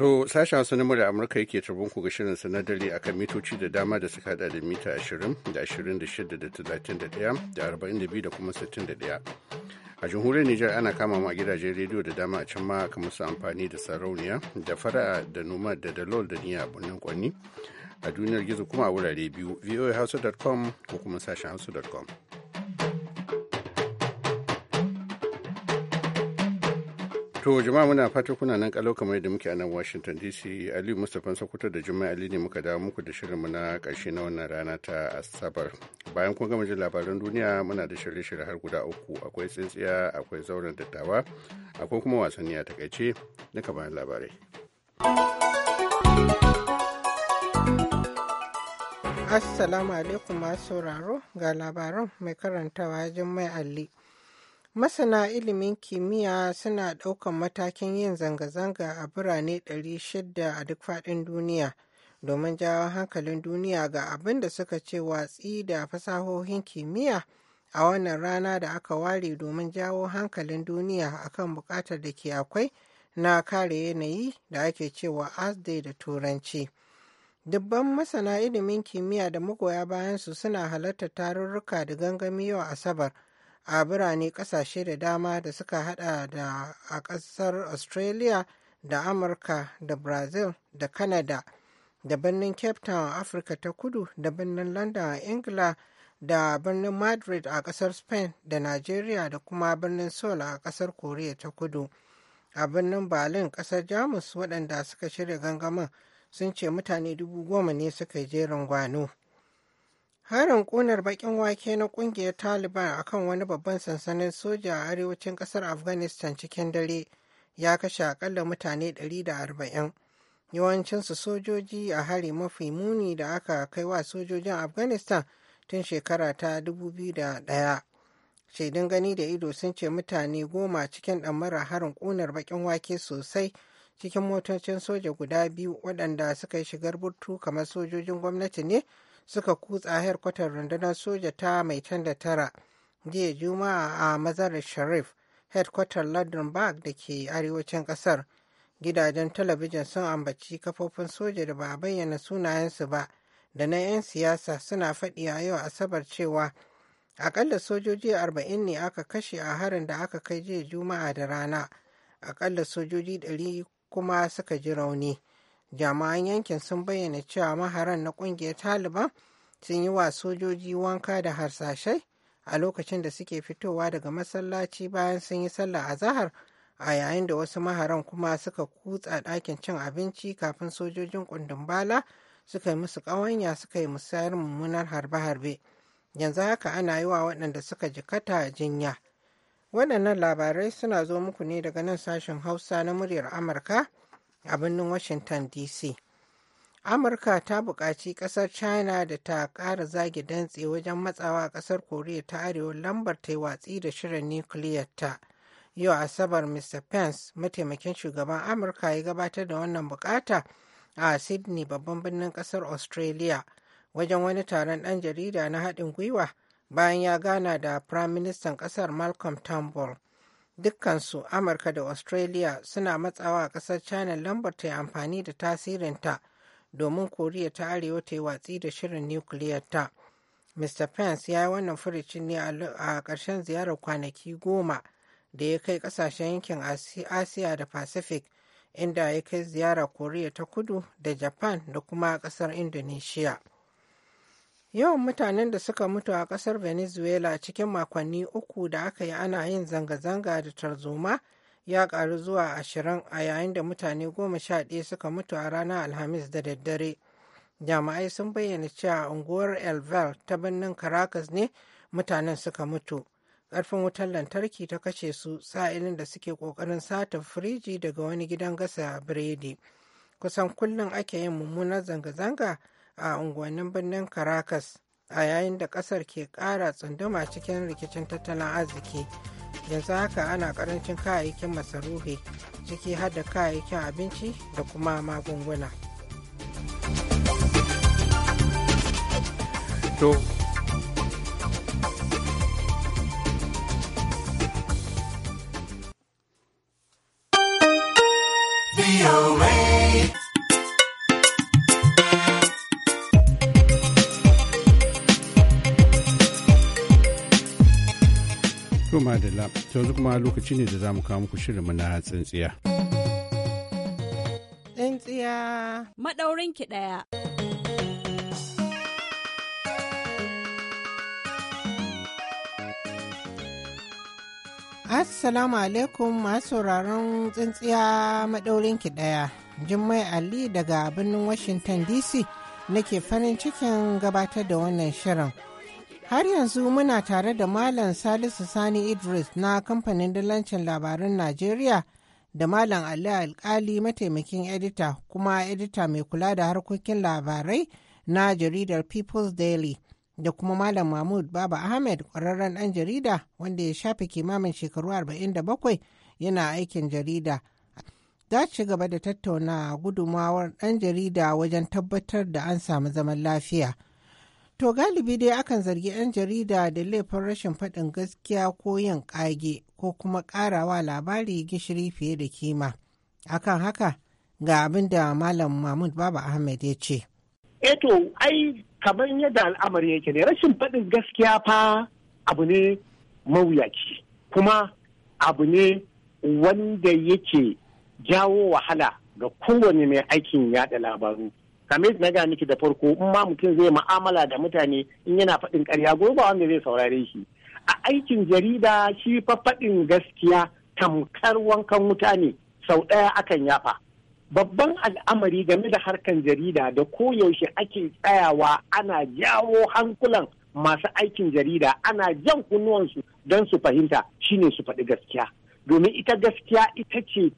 To sashen Hausa na murya Amurka yake turbin ku ga shirinsa na dare kan mitoci da dama da suka hada da mita 20 da 26 da 31 da 42 da kuma 61. A jamhuriyar Nijar ana kama ma gidajen rediyo da dama a can ma kamar su amfani da sarauniya da fara'a da noma da dalol da niya a birnin kwanni. A duniyar gizo kuma a wurare biyu voahausa.com ko kuma sashen hausa.com. To jama'a muna fata kuna nan kalau kamar yadda muke a nan Washington DC Aliyu Mustapha Sokoto da Juma'a Ali ne muka dawo muku da shirinmu na ƙarshe na wannan rana ta Asabar. Bayan kun gama jin labaran duniya muna da shirye-shirye har guda uku akwai tsintsiya akwai zauren dattawa akwai kuma wasanni a takaice na bayan labarai. Assalamu alaikum masu sauraro ga labaran mai karantawa Jummai Ali. Masana ilimin kimiyya suna ɗaukan matakin yin zanga-zanga a birane 600 a duk faɗin duniya domin jawo hankalin duniya ga abin da suka ce watsi da fasahohin kimiyya a wannan rana da aka ware domin jawo hankalin duniya akan buƙatar da ke akwai na kare yanayi da ake cewa Asde da turanci. Dubban masana ilimin kimiyya da magoya bayansu suna halartar tarurruka da gangami yau Asabar. a birane kasashe da dama da suka hada da a kasar australia da amurka da brazil da canada da birnin cape town afirka ta kudu da birnin london a ingila da birnin madrid a kasar spain da nigeria da kuma birnin seoul a kasar korea ta kudu a birnin berlin kasar jamus waɗanda suka shirya gangamin sun ce mutane dubu goma ne suka je rangwano. Harin ƙunar bakin wake na ƙungiyar Taliban a kan wani babban sansanin soja a arewacin ƙasar Afghanistan cikin dare ya kashe akalla mutane 140. Yawancinsu sojoji a hari mafi muni da aka kai wa sojojin Afghanistan tun shekara ta 2001. Shaidun gani da ido sun ce mutane goma cikin mara harin ƙunar bakin wake sosai cikin motocin soja guda biyu waɗanda suka yi shigar burtu kamar sojojin gwamnati ne. suka kutsa kwatar rundunar soja ta mai da tara jiya juma'a a mazar sharif london Ladenburg da ke arewacin kasar gidajen talabijin sun ambaci kafofin soja da ba a bayyana sunayensu ba da na 'yan siyasa suna faɗi a yau asabar cewa akalla sojoji 40 ne aka kashe a harin da aka kai jiya juma'a da rana akalla sojoji 100 kuma suka ji rauni jami'an yankin sun bayyana cewa maharan na kungiyar taliban sun yi wa sojoji wanka da harsashai a lokacin da suke fitowa daga masallaci bayan sun yi sallah a zahar a yayin da wasu maharan kuma suka kutsa ɗakin cin abinci kafin sojojin kundin bala suka yi musu ƙawanya suka yi musayar mummunar harbe-harbe yanzu haka ana yi wa waɗanda suka jikata jinya waɗannan labarai suna zo muku ne daga nan sashen hausa na muryar amurka a birnin washington dc amurka ta buƙaci ƙasar china da ta ƙara zagi dantse wajen matsawa ƙasar koriya ta arewa lambar ta yi watsi da shirin nukiliyar ta yau asabar mr pence mataimakin shugaban amurka ya gabatar da wannan bukata a sydney babban birnin ƙasar australia wajen wani taron ɗan jarida na haɗin gwiwa bayan ya gana da firaministan ƙasar malcolm turnbull dukkansu amurka da australia suna matsawa a kasar china lambar ta yi amfani da tasirinta domin koriya ta arewa ta yi watsi da shirin nukiliyar ta mr pence ya yi wannan furicin ne a ƙarshen ziyarar kwanaki goma da ya kai ƙasashen yankin asiya da pacific inda ya kai ziyara koriya ta kudu da japan da kuma ƙasar indonesia Yawan mutanen da suka mutu a ƙasar Venezuela cikin makonni uku da aka yi ana yin zanga-zanga da tarzoma ya ƙaru zuwa ashirin a yayin da mutane goma sha ɗaya suka mutu a ranar Alhamis da daddare. Jami'ai sun bayyana cewa unguwar El ta birnin Caracas ne mutanen suka mutu. Ƙarfin wutar lantarki ta kashe su sa'ilin da suke ƙoƙarin sata firiji daga wani gidan gasa biredi. Kusan kullum ake yin mummunar zanga-zanga a unguwannin birnin caracas a yayin da kasar ke kara tsunduma cikin rikicin tattalin arziki yanzu haka ana karancin kayayyakin masarufi ciki har da kayayyakin abinci da kuma magunguna. Adela, yanzu kuma lokaci ne da za mu kawo muku mu na tsintsiya. Tsintsiya ki ɗaya. Assalamu alaikum masu sauraron tsintsiya maɗaurinki ɗaya. Jummai Ali daga birnin Washington DC nake farin cikin gabatar da wannan shirin. Har yanzu muna tare da Malam Salisu Sani Idris na kamfanin dalancin labarun Najeriya da Malam Ali Alkali mataimakin edita kuma edita mai kula da harkokin labarai na jaridar People's Daily da kuma Malam Mahmud Baba Ahmed ƙwararren ɗan jarida wanda ya shafe kimamin shekaru 47 yana aikin jarida. Za ci gaba da tattauna gudumawar ɗan jarida wajen tabbatar da an samu zaman lafiya. To galibi dai akan zargi 'yan jarida da laifin rashin faɗin gaskiya ko yin ƙage ko kuma ƙarawa labari gishiri fiye da kima. Akan haka ga abin da Malam Mahmud Baba Ahmed ya ce. Eto, eh ai kamar yadda al'amari yake ne rashin faɗin gaskiya fa abu ne mawuyaci kuma abu ne wanda yake jawo wahala ga kowane mai aikin yada labaru kamar na gaya miki da farko in ma mutum zai ma'amala da mutane in yana faɗin karya, gobe ba wanda zai saurare shi a aikin jarida shi fa faɗin gaskiya tamkar wankan mutane sau ɗaya akan yafa babban al'amari game da harkan jarida da koyaushe ake tsayawa ana jawo hankulan masu aikin jarida ana jan kunnuwansu don su fahimta shine su faɗi gaskiya domin ita gaskiya ita ce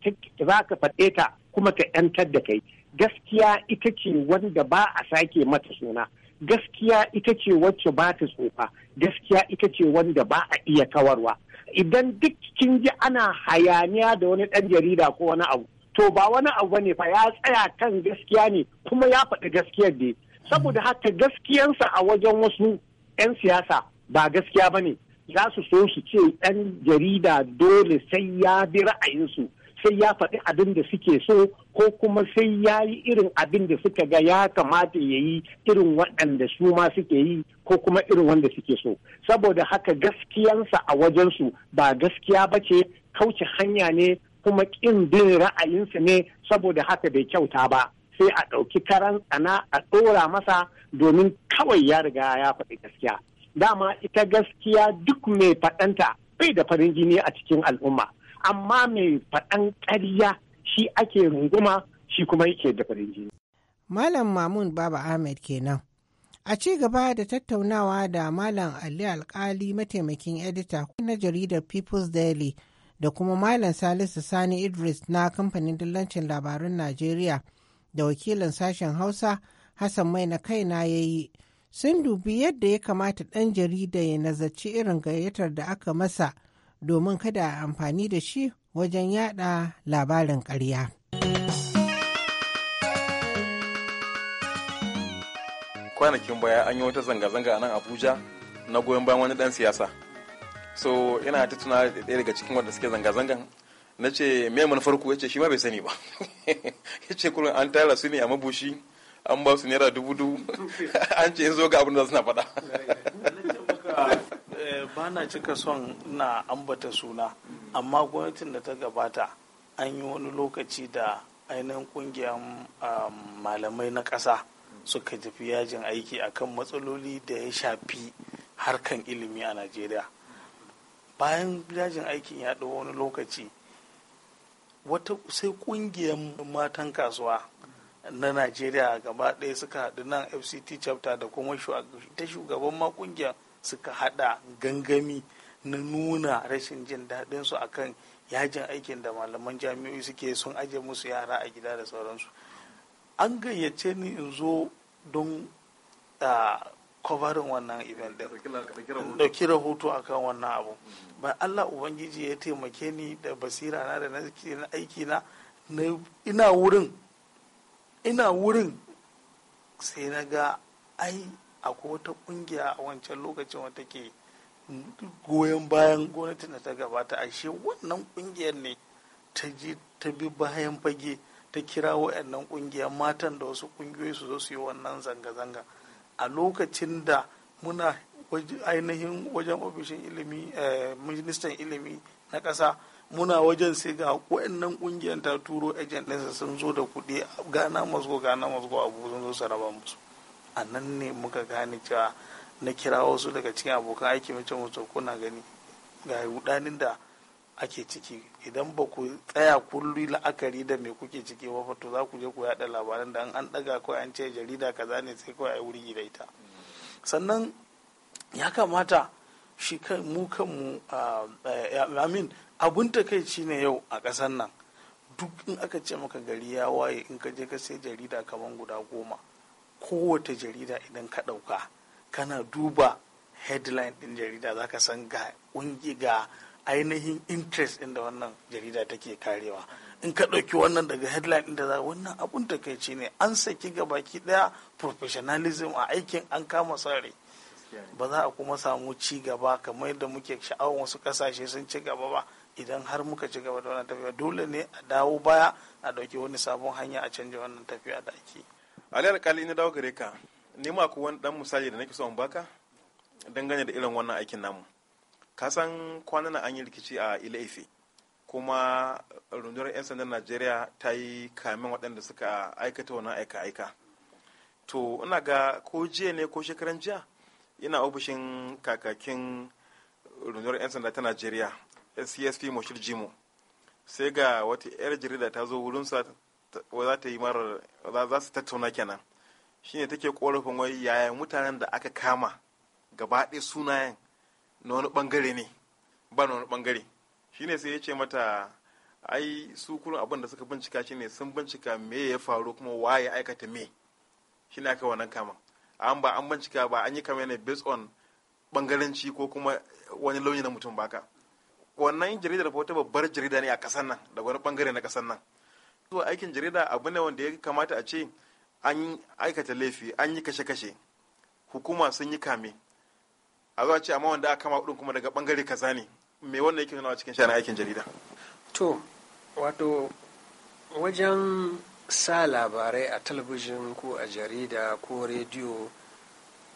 za ka faɗe ta kuma ka 'yantar da kai gaskiya ita ce wanda ba a sake mata suna gaskiya ita ce wacce ba ta tsufa gaskiya ita ce wanda ba a iya kawarwa idan duk kin ji ana hayaniya da wani ɗan jarida ko wani abu to ba wani abu ne fa ya tsaya kan gaskiya ne kuma ya faɗi gaskiyar da saboda haka gaskiyansa a wajen wasu 'yan siyasa ba gaskiya ba ne za su so su ce ɗan jarida dole sai ya bi ra'ayinsu sai ya faɗi abin da suke so ko kuma sai ya yi irin abin da suka ga ya kamata ya yi irin waɗanda su ma suke yi ko kuma irin wanda suke so saboda haka gaskiyansa a wajensu ba gaskiya ba ce kauce hanya ne kuma ƙin bin ra'ayinsa ne saboda haka bai kyauta ba sai a ɗauki karan tsana a ɗora masa domin kawai ya riga ya faɗi gaskiya dama ita gaskiya duk mai faɗanta bai da farin jini a cikin al'umma amma mai faɗan ƙarya shi ake runguma shi kuma yake da farin jini. Malam Mamun Baba Ahmed kenan. A ci gaba da tattaunawa da Malam Ali Alkali mataimakin edita na jaridar People's Daily da kuma Malam Salisu Sani Idris na kamfanin dillancin labarun Najeriya da wakilin sashen Hausa Hassan Mai na kaina ya yi. Sun dubi yadda ya kamata ɗan jarida ya nazarci irin gayyatar da aka masa domin kada a amfani da shi wajen yada labarin karya. kwanakin baya an yi wata zanga-zanga a nan abuja na goyon bayan wani dan siyasa so ina ta tuna ɗaya daga cikin wanda suke zanga-zangan na ce me farko ya ce shi ma bai sani ba ya ce kurin an tara su ne a mabushi an ba su naira dubu dubu an ce in zo ga abin da suna faɗa ba na cika son na ambata suna amma gwamnatin da ta gabata an yi wani lokaci da ainihin kungiyar um, malamai na ƙasa suka tafi yajin aiki akan matsaloli da ya shafi harkan ilimi a najeriya bayan yajin aikin ya ɗau wani lokaci wata sai kungiyar matan kasuwa na najeriya gaba ɗaya suka haɗu nan fct chapter da kuma ta shugaban ma kungiyar suka hada gangami na nuna rashin jin daɗin su akan yajin aikin da malaman jami'o'i suke sun aje musu yara a gida da sauransu an gayyace ni in zo don kwabarin wannan event din dauki rahoto akan wannan abu ba Allah ubangiji ya taimake ni da basira na da na aiki na ina wurin sai na ga ai akwai wata kungiya a wancan lokacin wata ke goyon bayan gwamnatin da ta gabata ashe wannan kungiyar ne ta je ta bi bayan fage ta kira wa'annan kungiyar matan da wasu kungiyoyi su zo su yi wannan zanga-zanga a lokacin da muna ainihin wajen ofishin ilimi eh, ministan ilimi na ƙasa muna wajen sai ga wa'annan kungiyar ta turo ejen ɗinsa sun zo da kuɗi gana mazgo gana mazgo abu sun zo su raba musu a nan ne muka gane cewa na kira wasu daga cikin abokan aiki mace mutu kuna gani ga rudanin da ake ciki idan ba ku tsaya kulli la'akari da me kuke ciki ba fa to za ku je ku yada labaran da an daga ko an ce jarida kaza ne sai kawai a yi wuri da ita sannan ya kamata shi mu kanmu amin abun takaici ne yau a kasan nan duk in aka ce maka gari ya waye in ka je ka sai jarida kaman guda goma kowace jarida idan ka ɗauka kana duba headline ɗin jarida za ka san ga ƙungi ga ainihin interest ɗin da wannan jarida take karewa in ka ɗauki wannan daga headline ɗin da za wannan abun takaici ne an saki gabaki ɗaya professionalism a aikin an kama sare ba za a kuma samu ci gaba kamar yadda muke sha'awar wasu kasashe sun ci gaba ba idan har muka ci gaba da wannan tafiya dole ne a dawo baya a ɗauki wani sabon hanya a canja wannan tafiya da ake ali alƙali ni dawo gare ka nema ku wani dan misali da nake so in baka dangane da irin wannan aikin namu ka san na an yi rikici a ilefe kuma rundunar 'yan sandan najeriya ta yi kamin waɗanda suka aikata wannan aika-aika to ina ga ko jiya ne ko shekaran jiya ina ofishin kakakin rundunar 'yan sanda ta najeriya csp moshir jimo sai ga wata 'yar jarida ta zo wurinsa za ta yi marar za su tattauna kenan shine take korafin wai yaya mutanen da aka kama gaba ɗaya sunayen na wani bangare ne ba na wani bangare shine sai ya ce mata ai su kullum abin da suka bincika shine sun bincika me ya faru kuma ya aikata me shine aka wannan kama an ba an bincika ba an yi kama ne based on bangaranci ko kuma wani launi na mutum baka wannan jaridar fa wata babbar jarida ne a kasar nan da wani bangare na kasar nan zuwa aikin jarida abu ne wanda ya kamata a ce an aikata laifi an yi kashe-kashe hukuma sun yi kame a zuwa ce amma wanda aka kama kuma daga bangare kaza ne me wannan yake nuna cikin shana aikin jarida to wato wajen sa labarai a talabijin ko a jarida ko rediyo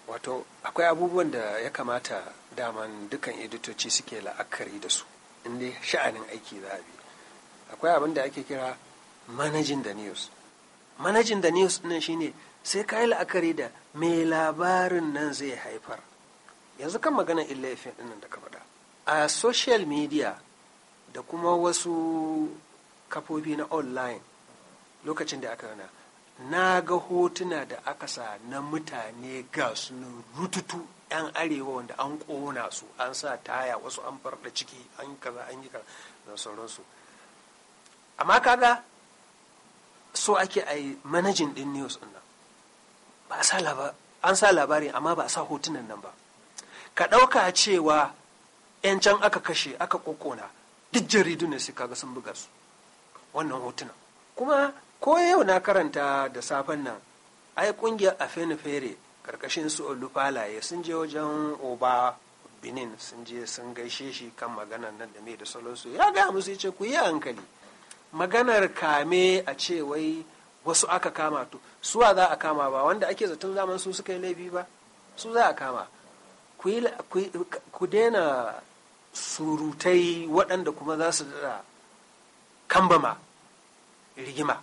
wato akwai abubuwan da ya kamata daman dukan editoci suke la'akari da su inda sha'anin aiki za a bi akwai abin da ake kira managing the news managing the news ɗin shine sai ka yi la'akari da me labarin nan zai haifar yanzu kan magana illafin ɗin da ka faɗa a social media da kuma wasu kafofi na online lokacin da aka yana na ga hotuna da aka sa na mutane ga su rututu 'yan arewa wanda an ƙona su an sa taya wasu an farɗa ciki an kaza an yi kaza da sauransu amma kaga so ake a yi manajin ɗin news din nan ba a an sa labari amma ba a sa hotunan nan ba ka ɗauka cewa 'yan can aka kashe aka kokona duk jaridu ne sai kaga sun buga su wannan hotunan. kuma ko yau na karanta da safen nan ai kungiyar afenifere ƙarƙashin su olufalaye sun je wajen oba benin sun je sun gaishe shi kan maganan nan da mai da salonsu ya gaya musu ya ce ku yi hankali maganar kame a ce wai wasu aka kama to suwa za a kama ba wanda ake zaton zaman su suka yi laifi ba su za a kama ku daina surutai waɗanda kuma za su da kambama rigima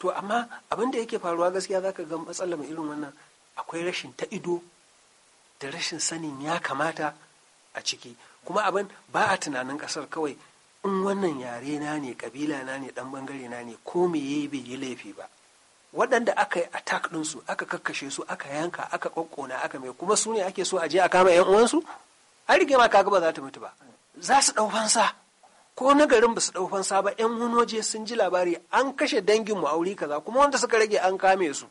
to amma abin da yake faruwa gaskiya za ka ga matsala mai irin wannan akwai rashin ta ido da rashin sanin ya kamata a ciki kuma abin ba a tunanin ƙasar kawai in wannan yare na ne kabila na ne dan bangare na ne ko me yayi bai yi laifi ba waɗanda aka yi attack ɗinsu su aka kakkashe su aka yanka aka kokkona aka mai kuma su ne ake so a je a kama yan uwansu an rige ma kaga ba za ta mutu ba za su ɗau fansa ko na garin ba su ɗau fansa ba yan hunoje sun ji labari an kashe dangin mu aure kaza kuma wanda suka rage an kame su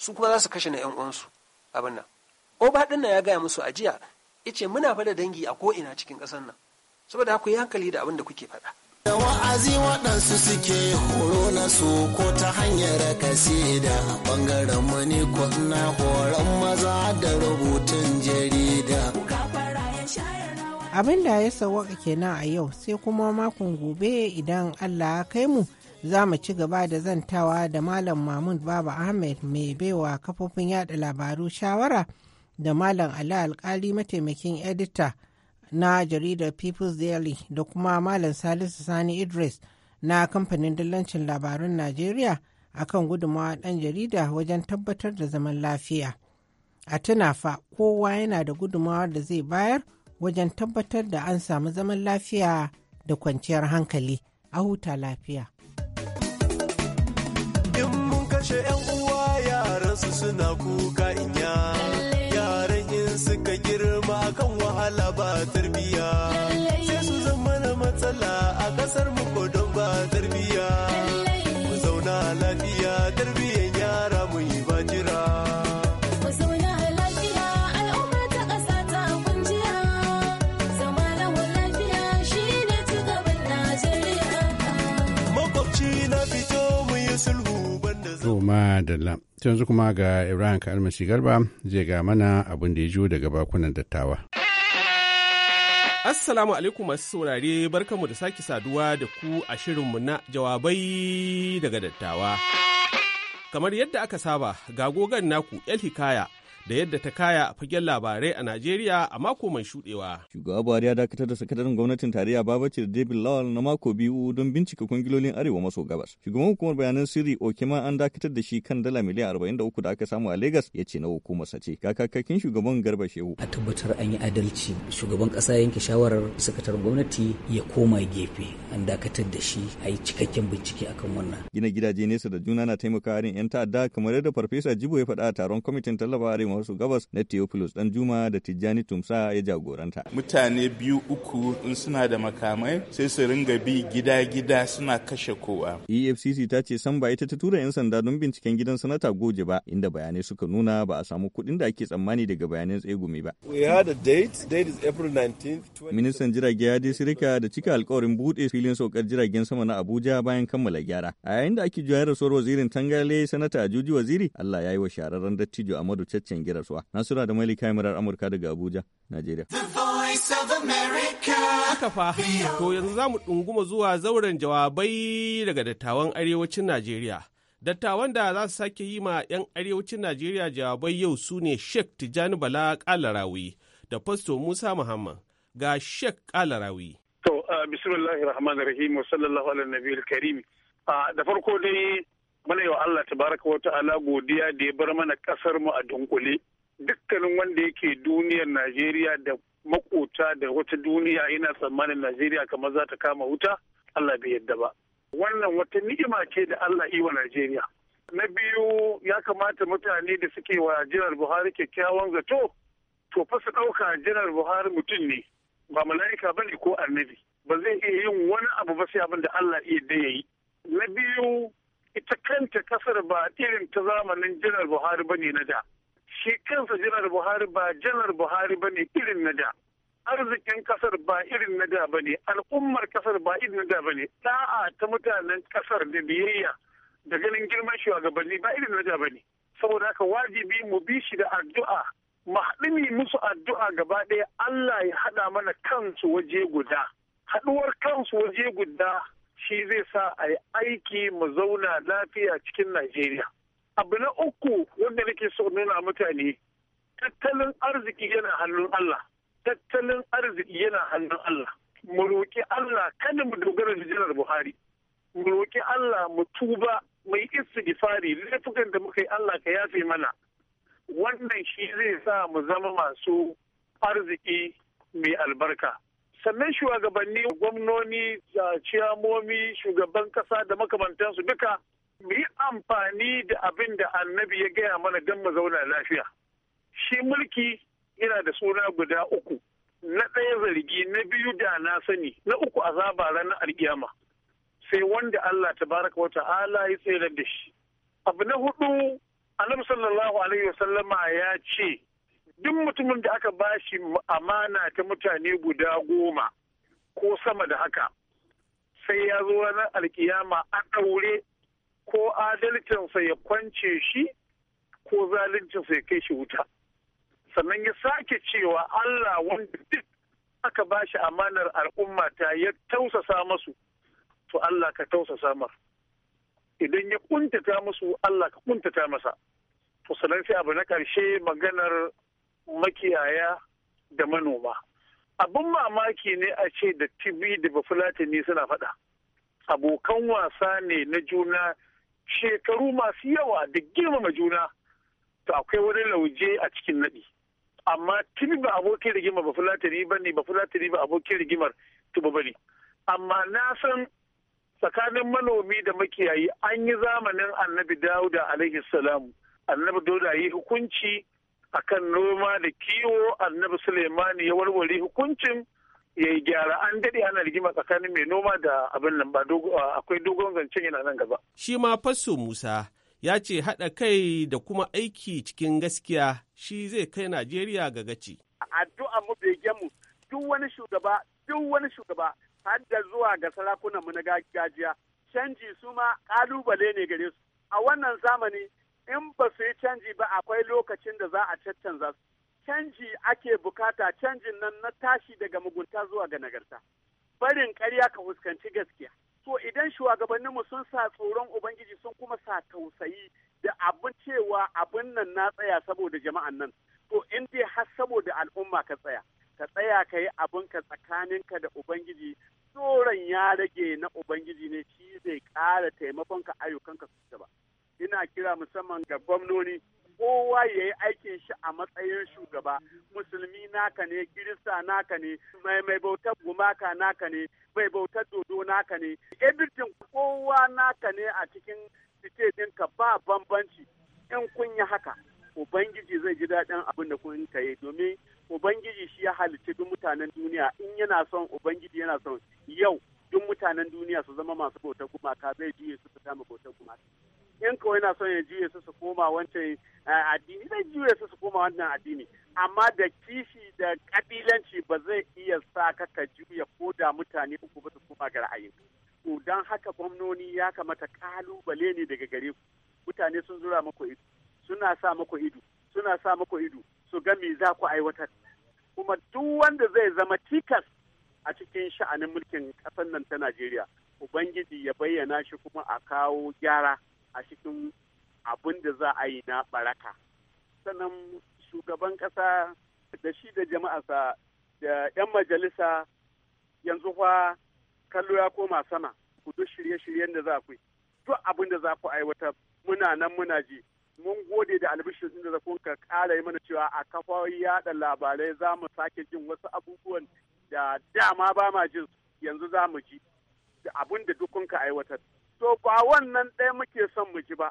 su kuma za su kashe na yan uwansu abin nan oba ɗin ya gaya musu a jiya ce. muna fa da dangi a ko ina cikin ƙasar nan saboda ku yi hankali da abin da kuke faɗa. da wa'azi waɗansu suke horo na su ko ta hanyar kasida ɓangaren mu na horon maza da rubutun jarida abin da ya sawaka kenan a yau sai kuma makon gobe idan allah ya kai mu za mu ci gaba da zantawa da malam mahmud baba ahmed mai baiwa kafofin yada labaru shawara da malam Ali alkali mataimakin edita na jaridar people's daily da kuma malam salisu sani idris na kamfanin dillancin labarun najeriya akan gudunmawa ɗan jarida wajen tabbatar da zaman lafiya a tuna fa kowa yana da gudunmawa da zai bayar wajen tabbatar da an samu zaman lafiya da kwanciyar hankali a huta lafiya yaran su kashe 'yan uwa suna kuka inya yaran in suka akan wahala ba tarbiya sai su zama na matsala a kasar mu ko don ba tarbiya mu zauna lafiya tarbiyan yara mu yi ba jira mu zauna lafiya al'umma ta kasa ta kunjiya zama na lafiya shi ne ci Najeriya makwabci na fito mu yi sulhu banda zama yanzu kuma ga Ibrahim Kalmasi Garba zai ga mana abin da ya jo daga bakunan dattawa. Assalamu alaikum masu saurare barkanmu da sake saduwa da ku a shirinmu na jawabai daga dattawa. Kamar yadda aka saba, ga gogan naku El Hikaya da yadda ta kaya a fagen labarai a Najeriya a mako mai shudewa. Shugaba Buhari ya dakatar da sakataren gwamnatin tarayya Babacir David Lawal na mako biyu don bincika kwangilolin Arewa maso gabas. Shugaban hukumar bayanan sirri Okema an dakatar da shi kan dala miliyan arba'in da uku da aka samu a Legas ya ce na hukumar sace. Kakakakin shugaban Garba Shehu. A tabbatar an yi adalci. Shugaban ƙasa yanke shawarar sakataren gwamnati ya koma gefe. An dakatar da shi a yi cikakken bincike kan wannan. Gina gidaje nesa da juna na taimaka taimakawa 'yan ta'adda kamar yadda Farfesa Jibo ya faɗa a taron kwamitin tallafa Arewa wasu gabas na Theophilus dan juma da Tijjani Tumsa ya jagoranta. Mutane biyu uku in suna da makamai sai su ringa bi gida-gida suna kashe kowa. EFCC ta ce san ba ita ta tura 'yan sanda don binciken gidan sanata goje ba inda bayanai suka nuna ba a samu kuɗin da ake tsammani daga bayanan tsegumi ba. Ministan jirage ya dai sirika da cika alkawarin buɗe filin saukar jiragen sama na Abuja bayan kammala gyara. A yayin da ake juyar rasuwar wazirin Tangale sanata juji waziri Allah ya yi wa shararren dattijo Amadu caccan girarsuwa. Nasura da kayan murar Amurka daga Abuja, Najeriya. Haka fa, to yanzu za mu ɗunguma zuwa zauren jawabai daga dattawan arewacin Najeriya. Dattawan da za su sake yi ma 'yan arewacin Najeriya jawabai yau su ne Sheikh Tijani Bala Kalarawi da Fasto Musa Muhammad ga Sheikh Kalarawi. To, uh, bismillahirrahmanirrahim rahmanir rahim wa sallallahu ala nabiyil karim. Uh, da farko dai mana yi wa Allah tabaraka wa ta'ala godiya da ya bar mana kasar mu a dunkule dukkanin wanda yake duniyar Najeriya da makota da wata duniya yana tsammanin Najeriya kamar za ta kama wuta Allah bai yadda ba wannan wata ni'ima ce da Allah yi wa Najeriya na biyu ya kamata mutane da suke wa jiran Buhari kyakkyawan zato to fa su ɗauka jiran Buhari mutum ne ba mala'ika bane ko annabi ba zai iya yin wani abu ba sai abin da Allah iya yi yayi na biyu ita kanta kasar ba irin ta zamanin janar buhari ba ne na da shi kansa janar buhari ba janar buhari ba ne irin na da arzikin kasar ba irin na da ba ne al'ummar kasar ba irin na da ba ne ta mutanen kasar da biyayya da ganin girman shugabanni ba irin na da ba ne saboda haka wajibi mu bi shi da addu'a mu haɗu musu addu'a gaba ɗaya Allah ya haɗa mana kansu waje guda haɗuwar kansu waje guda shi zai sa a yi aiki mu zauna lafiya cikin Najeriya. Abu na uku wanda nake so nuna mutane, tattalin arziki yana hannun Allah. Tattalin arziki yana hannun Allah. Mu roƙi Allah kada mu dogara da janar Buhari. Mu roƙi Allah mu tuba mai gifari laifukan da muka yi Allah ka yafe mana. Wannan shi zai sa mu zama masu arziki mai albarka. sannan shugabanni gwamnoni da ciyamomi shugaban kasa da makamantansu duka mu yi amfani da abin da annabi ya gaya mana don mu zauna lafiya shi mulki yana da suna guda uku na ɗaya zargi na biyu da na sani na uku a azaba ranar alkiyama sai wanda Allah tabaraka wa ta'ala ya tsere da shi abu na hudu annabi sallallahu alaihi wasallama ya ce duk mutumin da aka bashi amana ta mutane guda goma ko sama da haka sai ya zo ranar alkiyama a ɗaure ko adalcinsa ya kwance shi ko zaluncinsa ya kai shi wuta sannan ya sake cewa Allah wanda duk aka bashi amanar al'umma ta ya tausasa masu to Allah ka tausasa mar idan ya kuntata musu Allah ka kuntata masa to sannan sai abu na ƙarshe maganar makiyaya da manoma abin mamaki ne a ce da tibi da bafulatani suna faɗa abokan wasa ne na juna shekaru masu yawa da girmama juna to akwai wani lauje a cikin naɗi amma tibi ba abokin rigimar bafulatani ba ne bafulatani ba abokin rigimar tuba ba ne amma na san tsakanin manomi da makiyayi an yi zamanin annabi dauda alaihi salamu annabi dauda yi hukunci akan noma da kiwo annabi suleimani ya warware hukuncin ya yi gyara an daɗe ana rigima tsakanin mai noma da abin nan ba akwai dogon zancen yana nan gaba. shi ma fasso musa ya ce haɗa kai da kuma aiki cikin gaskiya shi zai kai najeriya ga gaci. addu'a mu mu duk wani shugaba duk wani shugaba har da zuwa ga sarakunan mu na gajiya canji su ma ƙalubale ne gare su a wannan zamani in ba su yi canji ba akwai lokacin da za a caccanza su canji ake bukata canjin nan na tashi daga mugunta zuwa ga nagarta barin karya ka fuskanci gaskiya to idan shugabanninmu sun sa tsoron ubangiji sun kuma sa tausayi da abin cewa abin nan na tsaya saboda jama'an nan to in dai har saboda al'umma ka tsaya ka tsaya ka yi ka tsakaninka da ubangiji tsoron ya rage na ubangiji ne shi zai ƙara taimakonka ayyukanka su gaba. ina kira musamman ga gwamnoni kowa ya yi aikin shi a matsayin shugaba musulmi naka ne kirista naka ne mai mai bautar gumaka naka ne mai bautar dodo naka ne everything kowa naka ne a cikin ka ba bambanci in kun yi haka ubangiji zai ji daɗin abin da kun ka yi domin ubangiji shi ya halicci duk mutanen duniya in yana son ubangiji yana son yau duk mutanen duniya su zama masu bautar gumaka zai juye su fita ma bautar gumaka in kawai na son ya juya su su koma wancan eh, addini zai juya su su koma wannan addini amma da kishi da kabilanci ba zai iya sa ka ka juya ko da mutane uku ba su koma ga ra'ayin to don haka gwamnoni ya kamata kalubale ne daga gare ku mutane sun zura muku ido suna sa muku ido suna sa muku ido su ga me za ku aiwatar kuma duk wanda zai zama tikas a cikin sha'anin mulkin ƙasar nan ta Najeriya Ubangiji ya bayyana shi kuma a kawo gyara a cikin abin da za a yi na baraka sannan shugaban ƙasa da shi da jama'arsa da 'yan majalisa yanzu fa kallo ya koma sama ku duk shirye-shiryen da za ku yi duk abin da za ku aiwatar muna nan muna ji mun gode da albishir da za ka ƙara yi mana cewa a kafa yada labarai za mu sake jin wasu abubuwan da dama ba ma jin yanzu za mu ji abin da duk kun ka aiwatar To ba wannan ɗaya muke son mu ji ba.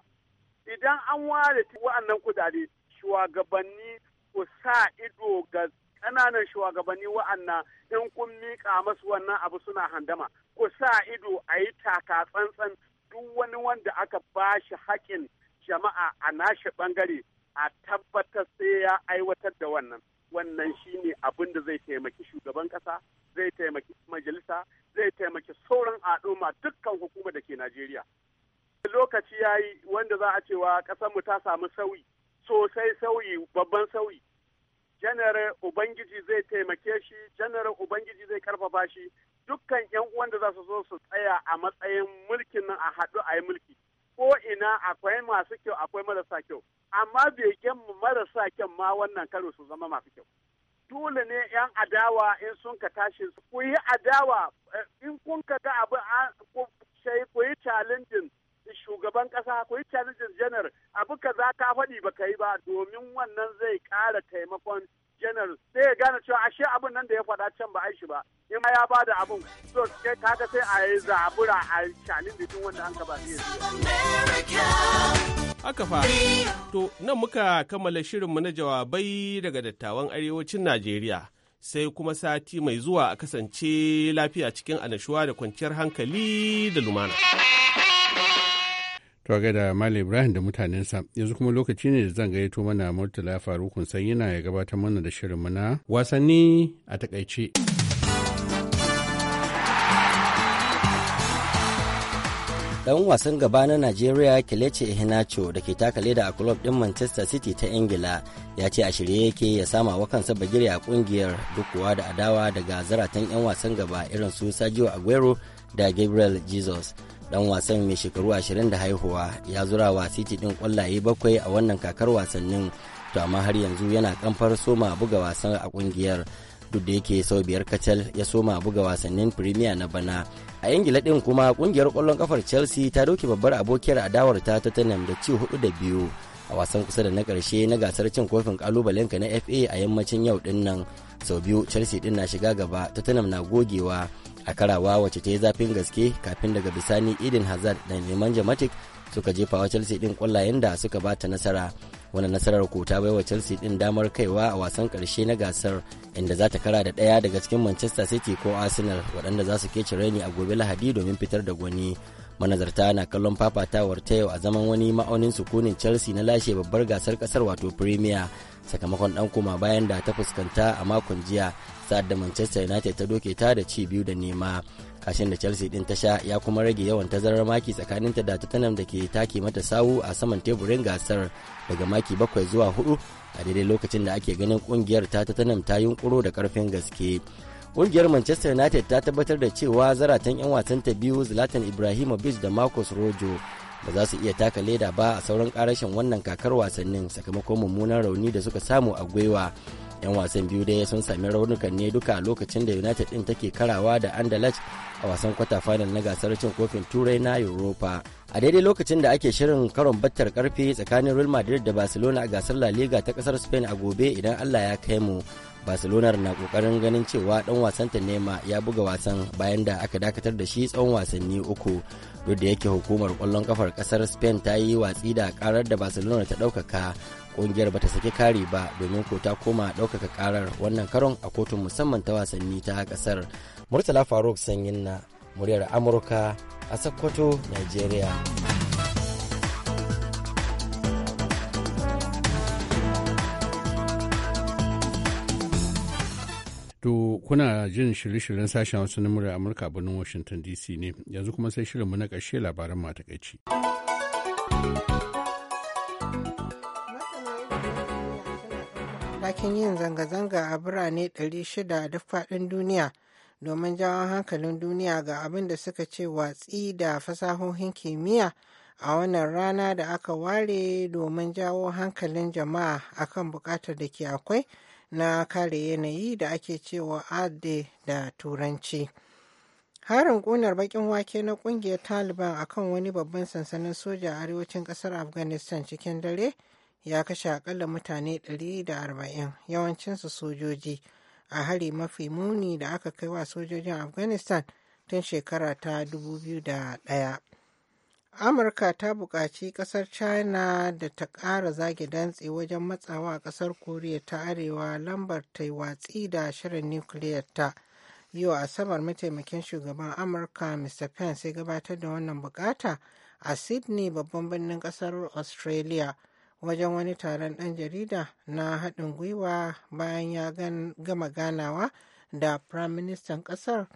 Idan an ware wa'annan kudade, shugabanni ku sa ido ga ƙananan shugabanni wa'annan in kun miƙa masu wannan abu suna handama. Ku sa ido a yi taka tsantsan duk wani wanda aka ba shi haƙin jama'a a nashi ɓangare a tabbatar sai ya aiwatar da wannan. Wannan shine abin da zai taimaki shugaban ƙasa, zai taimaki majalisa, taimaki sauran al'umma dukkan hukumar da ke Najeriya. Lokaci ya yi wanda za a cewa ƙasarmu ta samu sauyi, sosai sauyi, babban sauyi. Janar Ubangiji zai taimake shi, janar Ubangiji zai karfafa shi, dukkan 'yan uwan da za su zo su tsaya a matsayin mulkin nan a haɗu a yi mulki. Ko ina akwai masu kyau akwai marasa kyau, amma mu marasa kyau ma wannan karo su zama masu kyau. dole ne 'yan adawa in sun ka tashi ku yi adawa eh, in kun ka ga abu ku yi challenging shugaban kasa ku yi challenging janar abu ka za ka faɗi ba ka yi ba domin wannan zai ƙara taimakon janar sai ya gane cewa ashe abin nan da ya faɗa can ba aishi ba in ma ya ba da abin so sai kaga sai a yi zabura a challenge din wanda an ka ba zai haka fa. To, nan muka kammala shirinmu na jawabai daga dattawan arewacin Najeriya. Sai kuma sati mai zuwa a kasance lafiya cikin anashuwa da kwanciyar hankali da lumana. To ga da Malam Ibrahim da mutanensa yanzu kuma lokaci ne da zan gayyato mana Murtala Farukun yana ya gabatar mana da shirinmu na wasanni a takaice. dan wasan gaba na Najeriya Kelechi Iheanacho da ke taka leda a club din Manchester City ta Ingila ya ce a shirye yake ya sama wa kansa bagire a kungiyar duk da adawa daga zaratan 'yan wasan gaba irin su Sergio Aguero da Gabriel Jesus. Dan wasan mai shekaru 20 da haihuwa ya zura wa City din kwallaye bakwai a wannan kakar wasannin to amma har yanzu yana kamfar soma buga wasan a kungiyar duk da yake sau biyar kacal ya soma buga wasannin Premier na bana a ingila din kuma kungiyar kwallon kafar chelsea ta doke babbar abokiyar adawar ta tottenham da ci hudu da biyu a wasan kusa da na karshe na gasar cin kofin kalubalen na fa a yammacin yau din nan sau biyu chelsea din na shiga gaba tottenham na gogewa a karawa wacce ta yi zafin gaske kafin daga bisani eden hazard da neman jamatic suka jefa wa chelsea din kwallayen da suka bata nasara wannan nasarar ko ta baiwa chelsea din damar kaiwa a wasan karshe na gasar inda za ta kara da daya daga cikin manchester city ko arsenal waɗanda za su kece raini a gobe lahadi domin fitar da gwani manazarta na kallon fafatawar ta yau a zaman wani ma'aunin sukunin chelsea na lashe babbar gasar kasar wato premier sakamakon dan koma bayan da ta fuskanta a makon jiya sa'ad da manchester united ta doke ta da ci biyu da nema kashin da chelsea din ta sha ya kuma rage yawan tazarar maki tsakanin ta da tottenham da ke take mata sawu a saman teburin gasar daga maki bakwai zuwa hudu a daidai lokacin da ake ganin kungiyar ta tottenham ta yunkuro da karfin gaske kungiyar manchester united ta tabbatar da cewa zaratan 'yan wasan ta biyu zlatan ibrahimovic da marcus rojo ba za su iya taka leda ba a sauran karashin wannan kakar wasannin sakamakon mummunan rauni da suka samu a gwiwa 'yan wasan biyu dai sun sami raunukan ne duka a lokacin da united din take karawa da andalach a wasan kwata final na gasar cin kofin turai na europa a daidai lokacin da ake shirin karon battar karfe tsakanin real madrid da barcelona a gasar la liga ta kasar spain a gobe idan allah ya kai mu barcelona na kokarin ganin cewa dan wasanta nema ya buga wasan bayan da aka dakatar da shi tsawon wasanni uku duk da yake hukumar kwallon kafar kasar spain ta yi watsi da karar da barcelona ta ɗaukaka kungiyar bata saki kari ba domin ko ta koma ɗaukaka karar wannan karon a kotun musamman ta wasanni ta kasar murtala faruk sanyin na muryar amurka a sokoto nigeria To kuna jin shirye-shiryen sashen wasu na murar Amurka birnin Washington DC ne yanzu kuma sai shirinmu na ƙarshe labaran matakaici. cikin yin zanga-zanga a birane 600 a duk faɗin duniya domin jawo hankalin duniya ga abin da suka ce watsi da fasahohin kimiyya a wannan rana da aka ware domin jawo hankalin jama'a akan buƙatar da ke akwai na kare yanayi da ake cewa ade da turanci harin ƙunar baƙin wake na ƙungiyar taliban akan wani babban sansanin soja a arewacin ƙasar afghanistan cikin dare ya kashe akalla mutane 140 yawancinsu sojoji a hari mafi muni da aka kai wa sojojin afghanistan tun shekara ta 2001 amurka ta buƙaci ƙasar china da ta ƙara zage dantse wajen matsawa a ƙasar koriya ta arewa lambar ta watsi da shirin nukiliyar ta yau asabar mataimakin shugaban amurka mr pence ya gabatar da wannan buƙata a sydney babban birnin ƙasar australia wajen wani taron ɗan jarida na haɗin gwiwa bayan ya gama ganawa da Prime Ministan ƙasar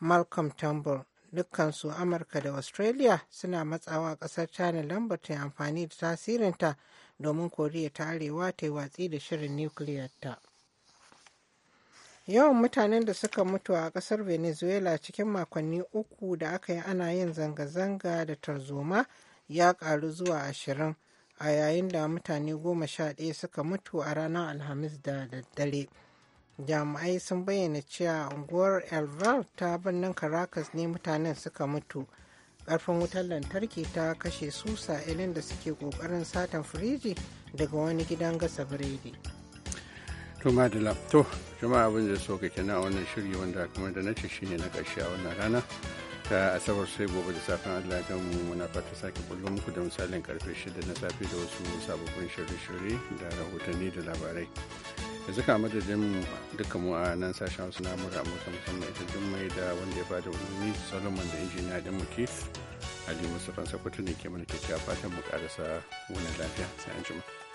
Malcolm Turnbull. Dukkansu Amurka da Australia suna matsawa ƙasar China lambar ta amfani da tasirinta domin Koriya ta Arewa ta yi watsi da shirin nukiliyarta. ta. yawan mutanen da suka mutu a ƙasar venezuela cikin makonni uku da aka yi ana yin zanga-zanga da tarzoma ya ƙaru zuwa ashirin a yayin da mutane goma sha ɗaya suka mutu a ranar alhamis da daddare jami'ai sun bayyana cewa unguwar elval ta birnin caracas ne mutanen suka mutu ƙarfin wutar lantarki ta kashe su sa'ilin da suke kokarin satan firiji daga wani gidan gasa biredi to madala to jama'a abin da so kake na wannan shirye wanda kuma da na ce shine na karshe a wannan rana ta asabar sai gobe da safin Allah don mu muna fata sake bullo muku da misalin karfe shida na safe da wasu sababbin shirye-shirye da rahotanni da labarai. yanzu ka madadin duka mu a nan sashen wasu namura mura musamman ita jummai da wanda ya ba da wani solomon da injiniya da muke ali mustapha fansa kwatanni ke mana kyakkyawa fatan mu karasa wani lafiya sai an jima.